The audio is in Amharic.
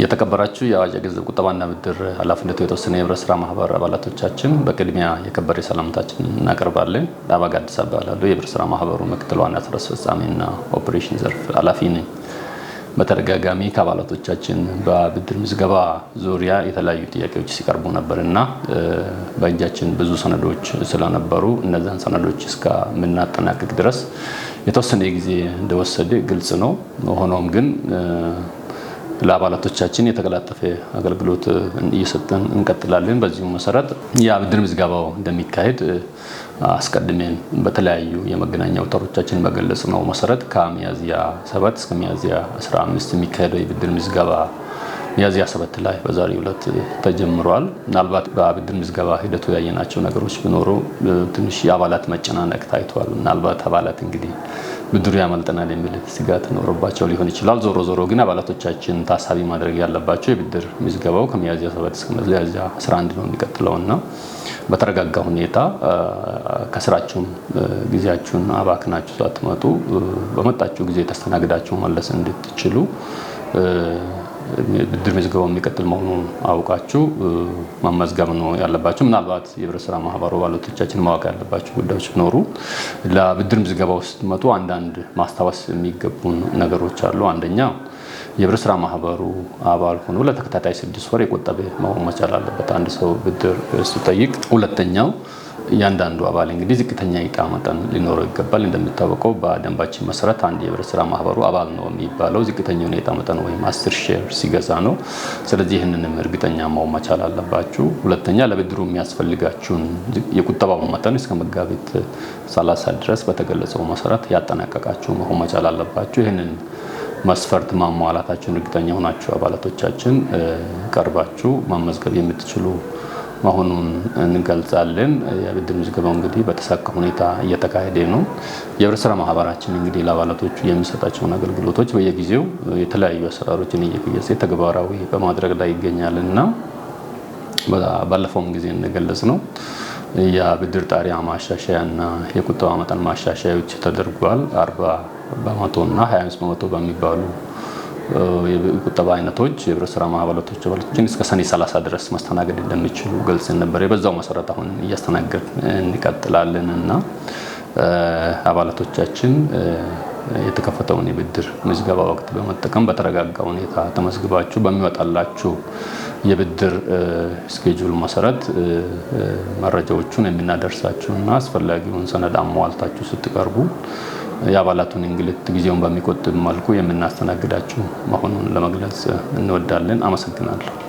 የተከበራችሁ የአዋጅ ገንዘብ ቁጠባና ብድር ኃላፊነቱ የተወሰነ የህብረት ስራ ማህበር አባላቶቻችን በቅድሚያ የከበረ ሰላምታችን እናቀርባለን። ዳባጋ አዲስ አበባ ላሉ የህብረት ስራ ማህበሩ ምክትል ዋና ስራ አስፈጻሚና ኦፕሬሽን ዘርፍ ኃላፊ ነኝ። በተደጋጋሚ ከአባላቶቻችን በብድር ምዝገባ ዙሪያ የተለያዩ ጥያቄዎች ሲቀርቡ ነበር እና በእጃችን ብዙ ሰነዶች ስለነበሩ እነዚያን ሰነዶች እስከምናጠናቅቅ ድረስ የተወሰነ ጊዜ እንደወሰደ ግልጽ ነው። ሆኖም ግን ለአባላቶቻችን የተቀላጠፈ አገልግሎት እየሰጠን እንቀጥላለን። በዚሁ መሰረት የብድር ምዝገባው እንደሚካሄድ አስቀድሜን በተለያዩ የመገናኛ አውታሮቻችን በገለጽ ነው መሰረት ከሚያዝያ 7 እስከ ሚያዝያ 15 የሚካሄደው የብድር ምዝገባ ሚያዝያ ሰባት ላይ በዛሬ ዕለት ተጀምሯል። ምናልባት በብድር ምዝገባ ሂደቱ ያየናቸው ነገሮች ቢኖሩ ትንሽ የአባላት መጨናነቅ ታይተዋል። ምናልባት አባላት እንግዲህ ብድሩ ያመልጠናል የሚል ስጋት ኖሮባቸው ሊሆን ይችላል። ዞሮ ዞሮ ግን አባላቶቻችን ታሳቢ ማድረግ ያለባቸው የብድር ምዝገባው ከሚያዝያ 7 እስከ ሚያዝያ 11 ነው የሚቀጥለውና በተረጋጋ ሁኔታ ከስራችሁም ጊዜያችሁን አባክናችሁ ሳትመጡ በመጣችሁ ጊዜ ተስተናግዳችሁ መለስ እንድትችሉ ብድር ምዝገባው የሚቀጥል መሆኑን አውቃችሁ መመዝገብ ነው ያለባቸው። ምናልባት የህብረት ስራ ማህበሩ ባለቶቻችን ማወቅ ያለባቸው ጉዳዮች ቢኖሩ ለብድር ምዝገባው ስትመጡ አንዳንድ ማስታወስ የሚገቡን ነገሮች አሉ። አንደኛ የብረ ስራ ማህበሩ አባል ሆኖ ለተከታታይ ስድስት ወር የቆጠበ መሆን መቻል አለበት አንድ ሰው ብድር ስጠይቅ ሁለተኛው እያንዳንዱ አባል እንግዲህ ዝቅተኛ የዕጣ መጠን ሊኖረው ይገባል። እንደሚታወቀው በደንባችን መሰረት አንድ የህብረት ስራ ማህበሩ አባል ነው የሚባለው ዝቅተኛውን የዕጣ መጠን ወይም አስር ሼር ሲገዛ ነው። ስለዚህ ይህንንም እርግጠኛ መሆን መቻል አለባችሁ። ሁለተኛ ለብድሩ የሚያስፈልጋችሁን የቁጠባው መጠን እስከ መጋቢት ሰላሳ ድረስ በተገለጸው መሰረት ያጠናቀቃችሁ መሆን መቻል አለባችሁ። ይህንን መስፈርት ማሟላታችሁን እርግጠኛ ሆናችሁ አባላቶቻችን ቀርባችሁ ማመዝገብ የምትችሉ መሆኑን እንገልጻለን። የብድር ምዝገባው እንግዲህ በተሳካ ሁኔታ እየተካሄደ ነው። የህብረት ስራ ማህበራችን እንግዲህ ለአባላቶቹ የሚሰጣቸውን አገልግሎቶች በየጊዜው የተለያዩ አሰራሮችን እየቀየሰ ተግባራዊ በማድረግ ላይ ይገኛል እና ባለፈውም ጊዜ እንገለጽ ነው የብድር ጣሪያ ማሻሻያ እና የቁጠባ መጠን ማሻሻያዎች ተደርጓል። አርባ በመቶ እና ሀያ አምስት በመቶ በሚባሉ የቁጠባ አይነቶች የህብረት ስራ ማህበራቶችን እስከ ሰኔ 30 ድረስ ማስተናገድ እንደሚችሉ ገልጸን ነበር። የበዛው መሰረት አሁን እያስተናገድ እንቀጥላለን እና አባላቶቻችን የተከፈተውን የብድር ምዝገባ ወቅት በመጠቀም በተረጋጋ ሁኔታ ተመዝግባችሁ በሚወጣላችሁ የብድር ስኬጁል መሰረት መረጃዎቹን የምናደርሳችሁ እና አስፈላጊውን ሰነድ አሟልታችሁ ስትቀርቡ የአባላቱን እንግልት ጊዜውን በሚቆጥብ መልኩ የምናስተናግዳችሁ መሆኑን ለመግለጽ እንወዳለን። አመሰግናለሁ።